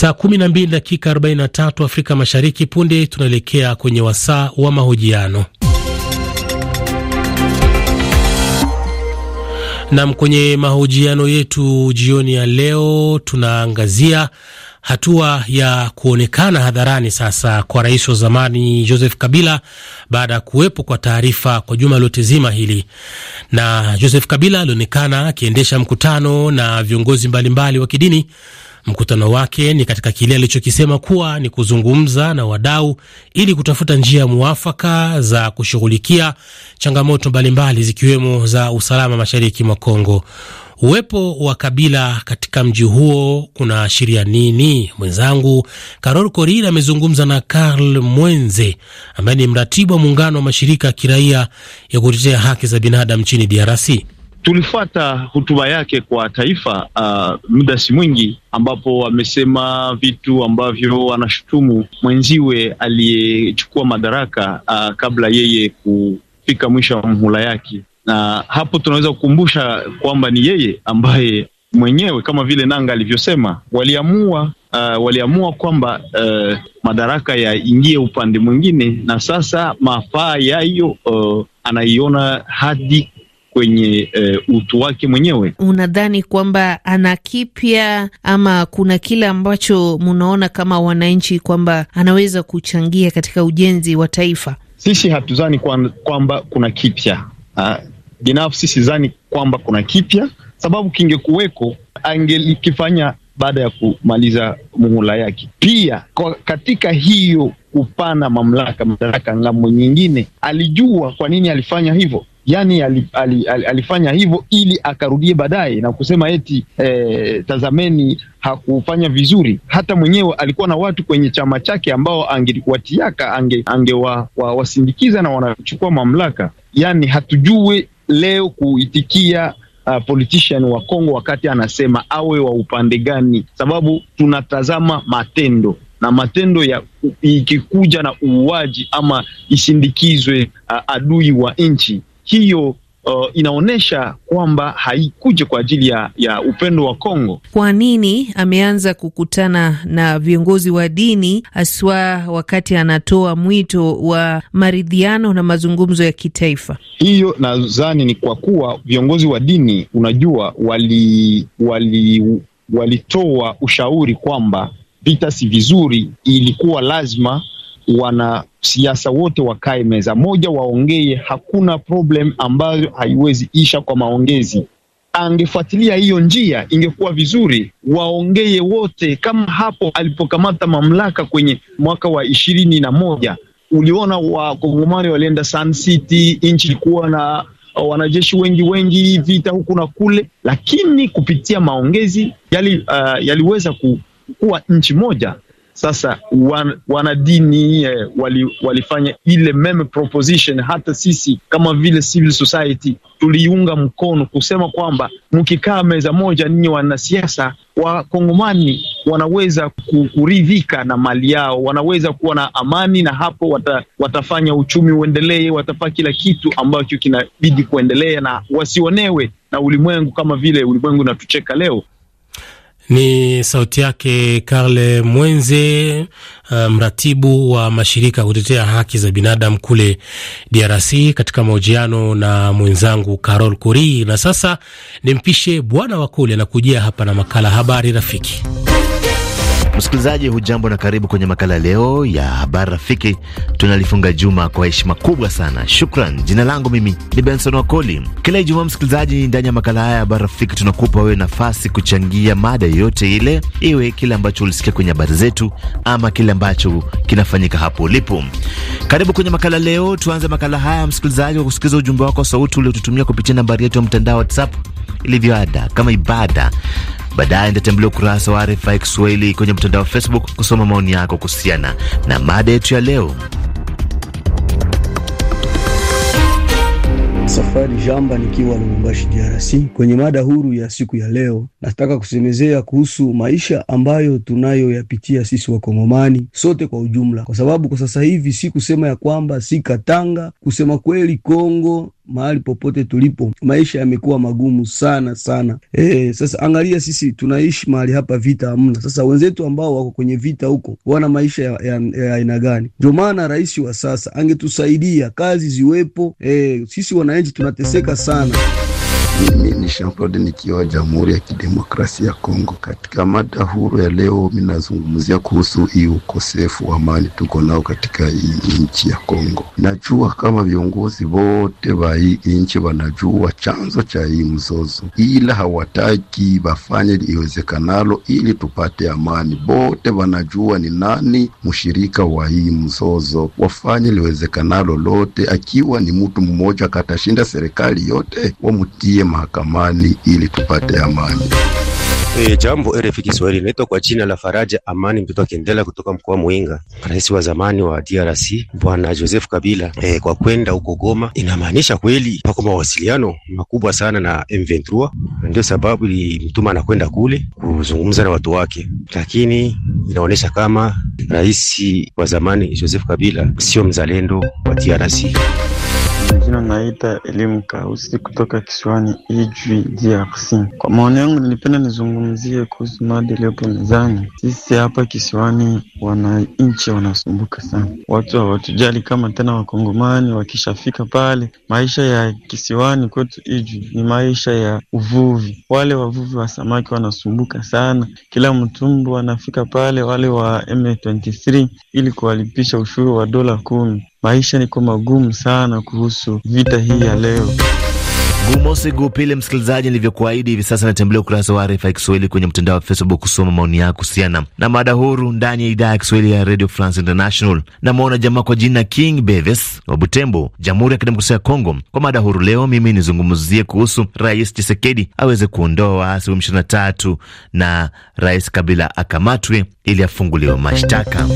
Saa 12 dakika 43 Afrika Mashariki. Punde tunaelekea kwenye wasaa wa mahojiano. Nam, kwenye mahojiano yetu jioni ya leo tunaangazia hatua ya kuonekana hadharani sasa kwa rais wa zamani Joseph Kabila baada ya kuwepo kwa taarifa kwa juma lote zima hili. Na Joseph Kabila alionekana akiendesha mkutano na viongozi mbalimbali wa kidini Mkutano wake ni katika kile alichokisema kuwa ni kuzungumza na wadau ili kutafuta njia mwafaka za kushughulikia changamoto mbalimbali zikiwemo za usalama mashariki mwa Kongo. Uwepo wa Kabila katika mji huo kunaashiria nini? Mwenzangu Carol Korir amezungumza na Karl Mwenze ambaye ni mratibu wa muungano wa mashirika ya kiraia ya kutetea haki za binadamu nchini DRC tulifuata hotuba yake kwa taifa uh, muda si mwingi, ambapo amesema vitu ambavyo anashutumu mwenziwe aliyechukua madaraka uh, kabla yeye kufika mwisho wa mhula yake, na hapo tunaweza kukumbusha kwamba ni yeye ambaye mwenyewe kama vile Nanga alivyosema waliamua Uh, waliamua kwamba uh, madaraka yaingie upande mwingine, na sasa mafaa yayo uh, anaiona hadi kwenye e, utu wake mwenyewe. Unadhani kwamba ana kipya ama kuna kile ambacho mnaona kama wananchi kwamba anaweza kuchangia katika ujenzi wa taifa? Sisi hatuzani kwamba kuna kipya. Ah, binafsi sizani kwamba kuna kipya, sababu kingekuweko angelikifanya baada ya kumaliza muhula yake. Pia kwa katika hiyo kupana mamlaka madaraka ngambo nyingine, alijua kwa nini alifanya hivyo yani ali, ali, ali, alifanya hivyo ili akarudie baadaye na kusema eti eh, tazameni hakufanya vizuri. Hata mwenyewe alikuwa na watu kwenye chama chake ambao angewatiaka ange, angewasindikiza ange wa, wa, na wanachukua mamlaka. Yani hatujue leo kuitikia Uh, politician wa Kongo wakati anasema awe wa upande gani, sababu tunatazama matendo na matendo ya ikikuja na uuaji ama isindikizwe uh, adui wa nchi hiyo Uh, inaonyesha kwamba haikuja kwa ajili ya, ya upendo wa Kongo. Kwa nini ameanza kukutana na viongozi wa dini haswa wakati anatoa mwito wa maridhiano na mazungumzo ya kitaifa? Hiyo nadhani ni kwa kuwa viongozi wa dini, unajua, wali wali walitoa ushauri kwamba vita si vizuri, ilikuwa lazima wanasiasa wote wakae meza moja waongee. Hakuna problem ambayo haiwezi isha kwa maongezi. Angefuatilia hiyo njia, ingekuwa vizuri waongee wote, kama hapo alipokamata mamlaka kwenye mwaka wa ishirini na moja. Uliona wakongomani walienda Sun City, nchi ilikuwa na wanajeshi wengi wengi, vita huku na kule, lakini kupitia maongezi yali, uh, yaliweza ku, kuwa nchi moja. Sasa wan, wanadini eh, wali, walifanya ile meme proposition. Hata sisi kama vile civil society tuliunga mkono kusema kwamba mkikaa meza moja, ninyi wanasiasa wakongomani wanaweza kuridhika na mali yao, wanaweza kuwa na amani, na hapo wata, watafanya uchumi uendelee, watafaa kila kitu ambacho kinabidi kuendelea na wasionewe na ulimwengu kama vile ulimwengu unatucheka leo. Ni sauti yake Karle Mwenze, uh, mratibu wa mashirika ya kutetea haki za binadamu kule DRC katika mahojiano na mwenzangu Carol Kuri. Na sasa nimpishe Bwana Wakule anakujia hapa na makala Habari Rafiki. Msikilizaji, hujambo na karibu kwenye makala leo ya habari rafiki. Tunalifunga juma kwa heshima kubwa sana, shukran. Jina langu mimi ni Benson Wakoli. Kila Ijumaa msikilizaji, ndani ya makala haya ya habari rafiki tunakupa wewe nafasi kuchangia mada yoyote ile, iwe kile ambacho ulisikia kwenye habari zetu ama kile ambacho kinafanyika hapo ulipo. Karibu kwenye makala leo. Tuanze makala haya msikilizaji, kwa kusikiliza ujumbe wako wa sauti uliotutumia kupitia nambari yetu ya mtandao WhatsApp ilivyoada kama ibada Baadaye nitatembelea ukurasa wa RFI Kiswahili kwenye mtandao wa Facebook kusoma maoni yako kuhusiana na mada yetu ya leo. Safari Jamba nikiwa Lubumbashi DRC. Kwenye mada huru ya siku ya leo, nataka kusemezea kuhusu maisha ambayo tunayoyapitia sisi Wakongomani sote kwa ujumla, kwa sababu kwa sasa hivi si kusema ya kwamba si Katanga, kusema kweli Kongo mahali popote tulipo, maisha yamekuwa magumu sana sana. E, sasa angalia, sisi tunaishi mahali hapa vita hamna. Sasa wenzetu ambao wako kwenye vita huko wana maisha ya aina gani? Ndio maana rais wa sasa angetusaidia, kazi ziwepo. E, sisi wananchi tunateseka sana. Mimi ni Jean Claude nikiwa Jamhuri ya Kidemokrasia ya Kongo. Katika mada huru ya leo, minazungumzia kuhusu hii ukosefu wa amani tuko nao katika hii nchi ya Kongo. Najua kama viongozi wote wa hii nchi wanajua chanzo cha hii mzozo, ila hawataki wafanye iwezekanalo ili tupate amani. Wote wanajua ni nani mshirika wa hii mzozo, wafanye liwezekanalo lote. Akiwa ni mtu mmoja katashinda serikali yote, wamutie mahakamani ili tupate amani. E, jambo RFI Kiswahili, naitwa kwa jina la Faraja Amani mtoto akiendelea kutoka mkoa Mwinga. Rais wa zamani wa DRC Bwana Joseph Kabila e, kwa kwenda huko Goma inamaanisha kweli pako mawasiliano makubwa sana na M23, ndio sababu ilimtuma anakwenda kule kuzungumza na watu wake, lakini inaonyesha kama rais wa zamani Joseph Kabila sio mzalendo wa DRC. Majina naita Elimu Kausi kutoka kisiwani Ijwi, e DRC. Kwa maoni yangu, nilipenda nizungumzie kuhusu mada iliyopo mezani. Sisi hapa kisiwani, wananchi wanasumbuka sana, watu hawatujali kama tena Wakongomani. Wakishafika pale, maisha ya kisiwani kwetu Ijwi e ni maisha ya uvuvi. Wale wavuvi wa samaki wanasumbuka sana, kila mtumbu wanafika pale wale wa M23 ili kuwalipisha ushuru wa dola kumi maisha niko magumu sana kuhusu vita hii ya leo. Gumosi Gupile, msikilizaji, nilivyokuahidi hivi sasa natembelea ukurasa wa RFI Kiswahili kwenye mtandao wa Facebook kusoma maoni yako kuhusiana na mada huru ndani ya idhaa ya Kiswahili ya Radio France International. Namwona jamaa kwa jina King Beves wa Butembo, Jamhuri ya Kidemokrasia ya Kongo, kwa mada huru leo. Mimi nizungumzie kuhusu Rais Chisekedi aweze kuondoa waasi wa M23 na Rais Kabila akamatwe ili afunguliwe mashtaka.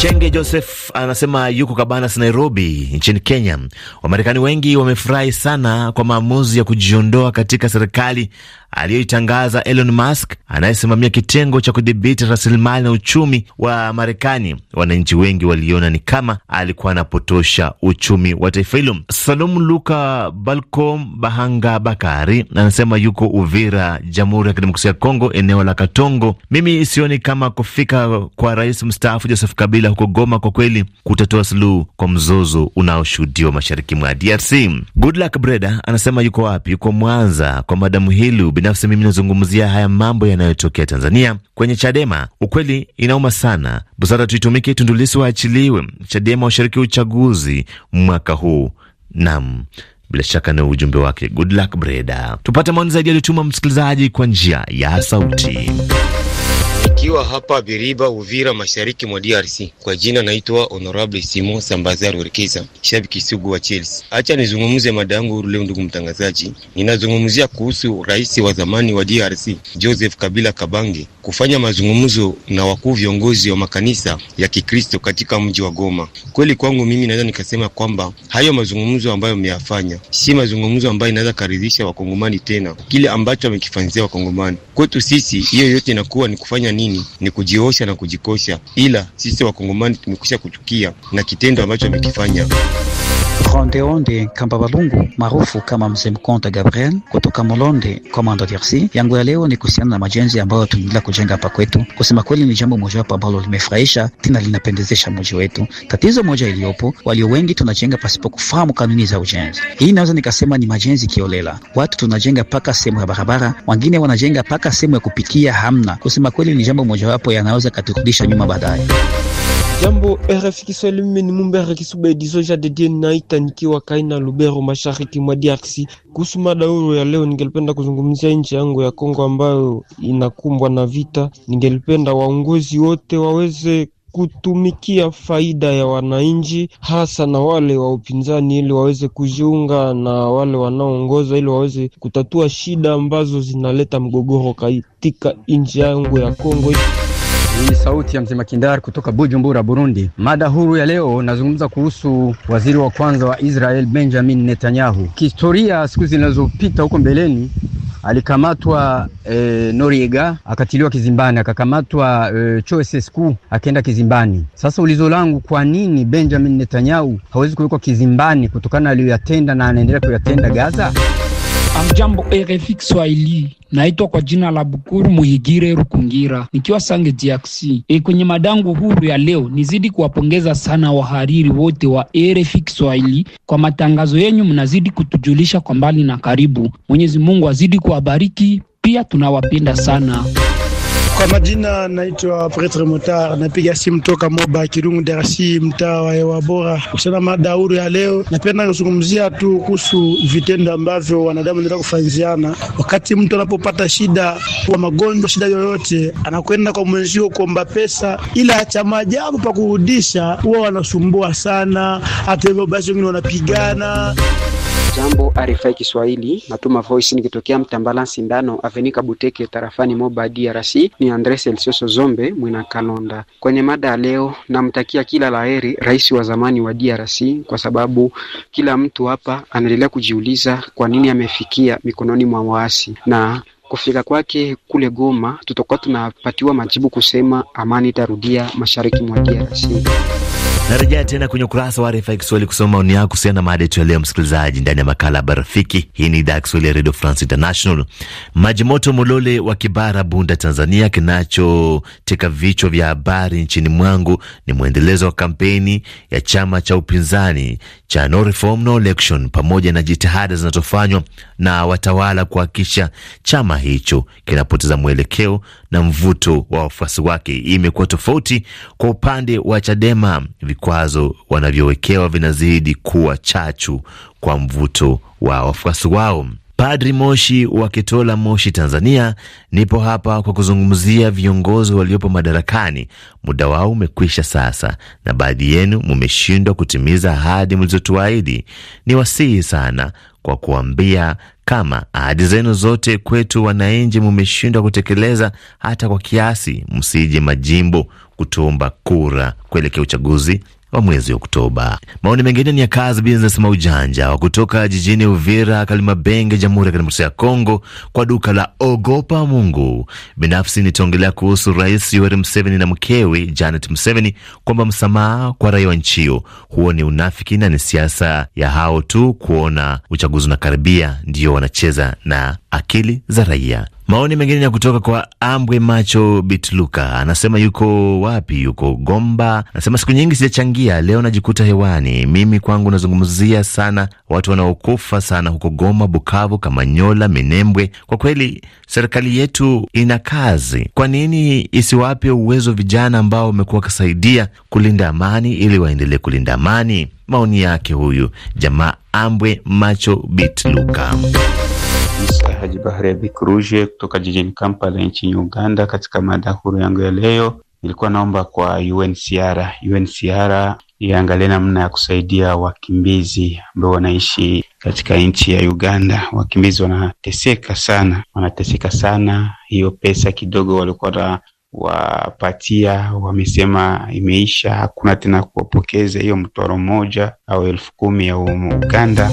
Chenge Joseph anasema yuko Kabanas, Nairobi nchini Kenya. Wamarekani wengi wamefurahi sana kwa maamuzi ya kujiondoa katika serikali aliyoitangaza Elon Musk anayesimamia kitengo cha kudhibiti rasilimali na uchumi wa Marekani, wananchi wengi waliona ni kama alikuwa anapotosha uchumi wa taifa hilo. Salum Luka Balcom Bahanga Bakari anasema yuko Uvira, Jamhuri ya Kidemokrasia ya Kongo, eneo la Katongo. Mimi sioni kama kufika kwa rais mstaafu Joseph Kabila huko Goma kwa kweli kutatoa suluhu kwa mzozo unaoshuhudiwa mashariki mwa DRC. Goodluck Breda anasema yuko wapi? Yuko Mwanza kwa madamu Hilu binafsi mimi nazungumzia haya mambo yanayotokea Tanzania kwenye Chadema. Ukweli inauma sana, busara tuitumike, tundulisi waachiliwe, Chadema washiriki uchaguzi mwaka huu. Nam, bila shaka na ujumbe wake. Good luck Breda. Tupate maoni zaidi yaliyotuma msikilizaji kwa njia ya sauti nikiwa hapa Biriba, Uvira, mashariki mwa DRC. Kwa jina naitwa Honorable Simon Sambazar Orkeza, shabiki sugu wa Chelsea. Acha nizungumze mada yangu leo, ndugu mtangazaji, ninazungumzia kuhusu rais wa zamani wa DRC Joseph Kabila Kabange kufanya mazungumzo na wakuu viongozi wa makanisa ya Kikristo katika mji wa Goma. Kweli kwangu mimi naweza nikasema kwamba hayo mazungumzo ambayo ameyafanya si mazungumzo ambayo inaweza karidhisha wakongomani tena, kile ambacho amekifanyia wakongomani. Kwetu sisi hiyo yote inakuwa ni kufanya nini? nini? Ni kujiosha na kujikosha, ila sisi wakongomani tumekwisha kuchukia na kitendo ambacho amekifanya. Rondeonde Kamba Balungu maarufu kama Mzee Mkonta Gabriel kutoka Molonde Komando DRC. Yangu ya leo ni kuhusiana na majenzi ambayo tunaendelea kujenga hapa kwetu. Kusema kweli, ni jambo mojawapo ambalo limefurahisha tena linapendezesha mji wetu. Tatizo moja iliyopo, walio wengi tunajenga pasipo kufahamu kanuni za ujenzi. Hii naweza nikasema ni majenzi kiolela. Watu tunajenga paka sehemu ya barabara, wengine wanajenga paka sehemu ya kupikia hamna. Kusema kweli, ni jambo mojawapo yanaweza katurudisha nyuma baadaye. Jambo RFI Kiswahili, mimi ni Mumbere Dien Jadedie naitanikiwa Kaina Lubero, mashariki mwa DRC. Kuhusu mada huru ya leo, ningelipenda kuzungumzia nchi yangu ya Kongo ambayo inakumbwa na vita. Ningelipenda waongozi wote waweze kutumikia faida ya wananchi hasa na wale wa upinzani, ili waweze kujiunga na wale wanaoongoza, ili waweze kutatua shida ambazo zinaleta mgogoro katika nchi yangu ya Kongo. Hii ni sauti ya mzima Kindar kutoka Bujumbura, Burundi. Mada huru ya leo nazungumza kuhusu waziri wa kwanza wa Israel Benjamin Netanyahu. Kihistoria, siku zinazopita huko mbeleni alikamatwa e, Noriega akatiliwa kizimbani, akakamatwa e, Choi akaenda kizimbani. Sasa ulizo langu, kwa nini Benjamin Netanyahu hawezi kuwekwa kizimbani kutokana aliyoyatenda na anaendelea kuyatenda Gaza? Amjambo RFI Kiswahili, naitwa kwa jina la Bukuru Muhigire Rukungira nikiwa Sange DRC. E, kwenye madangu huru ya leo nizidi kuwapongeza sana wahariri wote wa RFI Kiswahili kwa matangazo yenyu, mnazidi kutujulisha kwa mbali na karibu. Mwenyezi Mungu azidi kuwabariki, pia tunawapenda sana. Kwa majina naitwa Pretre Mutar, napiga simu toka Moba Kirungu Derasi, mtaa wa hewa bora. Kusema mada huru ya leo, napenda kuzungumzia tu kuhusu vitendo ambavyo wanadamu wanaenda kufanziana. Wakati mtu anapopata shida wa magonjwa, shida yoyote, anakwenda kwa mwenzio kuomba pesa, ila cha maajabu pa kurudisha huwa wanasumbua sana. Hata hivyo basi, wengine wanapigana. Jambo RFI Kiswahili, natuma voice nikitokea Mtambala Sindano Avenika Buteke, tarafani Moba DRC ni ni Andres Elsioso Zombe Mwina Kalonda. Kwenye mada ya leo, namtakia kila laheri rais wa zamani wa DRC kwa sababu kila mtu hapa anaendelea kujiuliza kwa nini amefikia mikononi mwa waasi na kufika kwake kule Goma tutakuwa tunapatiwa majibu kusema amani itarudia mashariki mwa DRC. Narejea tena kwenye ukurasa wa RFI Kiswahili kusoma maoni yako kuhusiana na mada yetu ya leo, msikilizaji, ndani ya makala ya barafiki. Hii ni idhaa ya Kiswahili ya Redio France International. Majimoto Molole wa Kibara, Bunda, Tanzania. Kinachoteka vichwa vya habari nchini mwangu ni mwendelezo wa kampeni ya chama cha upinzani cha No Reform No Election, pamoja na jitihada zinazofanywa na watawala kuhakikisha chama hicho kinapoteza mwelekeo na mvuto wa wafuasi wake. Hii imekuwa tofauti kwa upande wa Chadema vikwazo wanavyowekewa vinazidi kuwa chachu kwa mvuto wa wafuasi wao. Padri Moshi wa Ketola, Moshi, Tanzania. Nipo hapa kwa kuzungumzia viongozi waliopo madarakani, muda wao umekwisha sasa, na baadhi yenu mmeshindwa kutimiza ahadi mlizotuahidi. Ni wasihi sana kwa kuambia kama ahadi zenu zote kwetu wananchi mumeshindwa kutekeleza hata kwa kiasi, msije majimbo kutumba kura kuelekea uchaguzi wa mwezi Oktoba. Maoni mengine ni ya kazi business maujanja wa kutoka jijini Uvira, Kalimabenge, Jamhuri ya Kidemokrasia ya Kongo, kwa duka la ogopa Mungu. Binafsi nitaongelea kuhusu Rais Yoweri Museveni na mkewe Janet Museveni kwamba msamaha kwa raia wa nchi hiyo huo ni unafiki na ni siasa ya hao tu kuona uchaguzi unakaribia, ndio wanacheza na akili za raia. Maoni mengine ya kutoka kwa Ambwe Macho Bitluka, anasema yuko wapi? Yuko Gomba. Anasema siku nyingi sijachangia, leo najikuta hewani. Mimi kwangu nazungumzia sana watu wanaokufa sana huko Goma, Bukavu, Kamanyola, Minembwe. Kwa kweli serikali yetu ina kazi, kwa nini isiwape uwezo vijana ambao wamekuwa wakisaidia kulinda amani ili waendelee kulinda amani? Maoni yake huyu jamaa Ambwe Macho Bitluka. Isa Haji Bahari Abi Ruje kutoka jijini Kampala nchini Uganda. Katika mada huru yangu ya leo, nilikuwa naomba kwa UNHCR UNHCR iangalie namna ya kusaidia wakimbizi ambao wanaishi katika nchi ya Uganda. Wakimbizi wanateseka sana, wanateseka sana. Hiyo pesa kidogo walikuwa na wapatia wamesema imeisha, hakuna tena kuwapokeza hiyo mtoro mmoja au elfu kumi ya Uganda.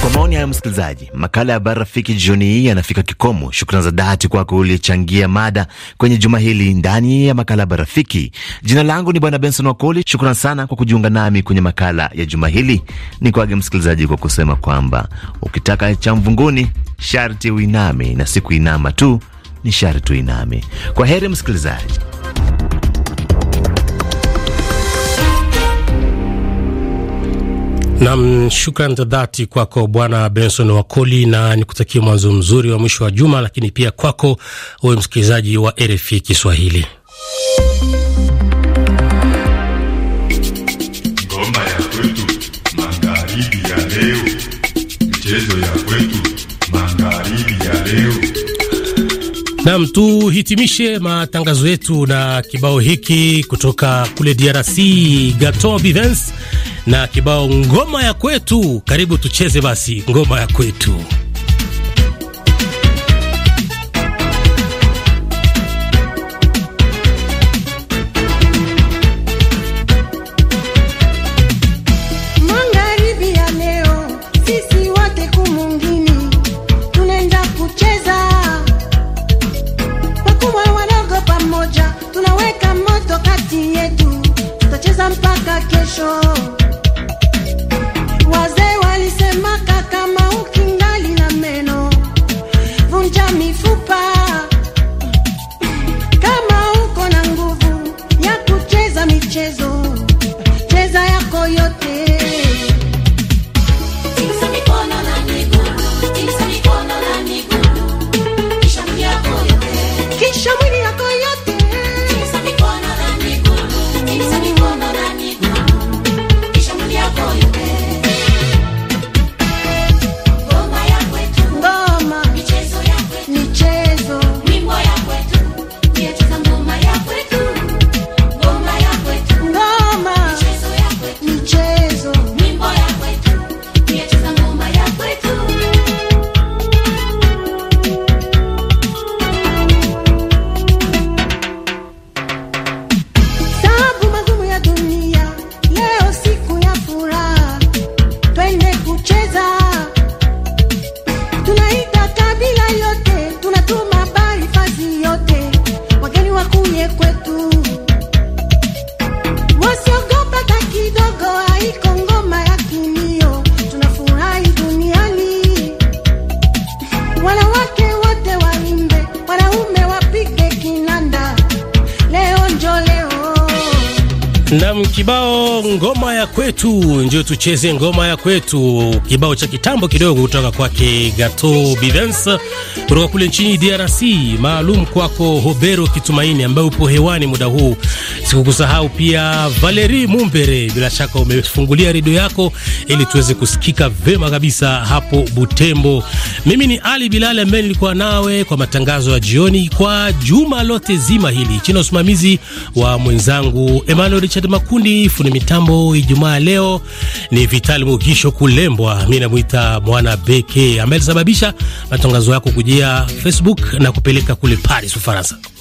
Kwa maoni hayo, msikilizaji, makala ya Habari Rafiki jioni hii yanafika kikomo. Shukrani za dhati kwako uliyechangia mada kwenye juma hili ndani ya makala ya Habari Rafiki. Jina langu ni Bwana Benson Wakoli. shukran sana kwa kujiunga nami kwenye makala ya juma hili. Ni kwage msikilizaji kwa kusema kwamba ukitaka cha mvunguni sharti uiname, na siku inama tu ni sharti uiname. Kwa heri msikilizaji. Nam, shukran za dhati kwako Bwana Benson Wakoli, na kutakia mwanzo mzuri wa mwisho wa juma, lakini pia kwako uwe msikilizaji wa RFI Kiswahili. Ngoma ya kwetu magharibi ya leo, michezo ya kwetu magharibi ya leo. Nam, tuhitimishe matangazo yetu na kibao hiki kutoka kule DRC, Gaton na kibao ngoma ya kwetu. Karibu tucheze basi ngoma ya kwetu. kwetu, ndio tucheze ngoma ya kwetu, kibao cha kitambo kidogo kutoka kwake Gato Bivens kutoka kule nchini DRC, maalum kwako Hobero Kitumaini ambaye upo hewani muda huu. Sikukusahau pia Valeri Mumbere, bila shaka umefungulia redio yako ili tuweze kusikika vema kabisa hapo Butembo. Mimi ni Ali Bilali ambaye nilikuwa nawe kwa matangazo ya jioni kwa juma lote zima hili chini ya usimamizi wa mwenzangu Emmanuel Richard Makundi, fundi mitambo Ijumaa Ijumaa leo ni Vitali Mugisho Kulembwa, mi namwita mwana beke, ambaye alisababisha matangazo yako kujia Facebook na kupeleka kule Paris, Ufaransa.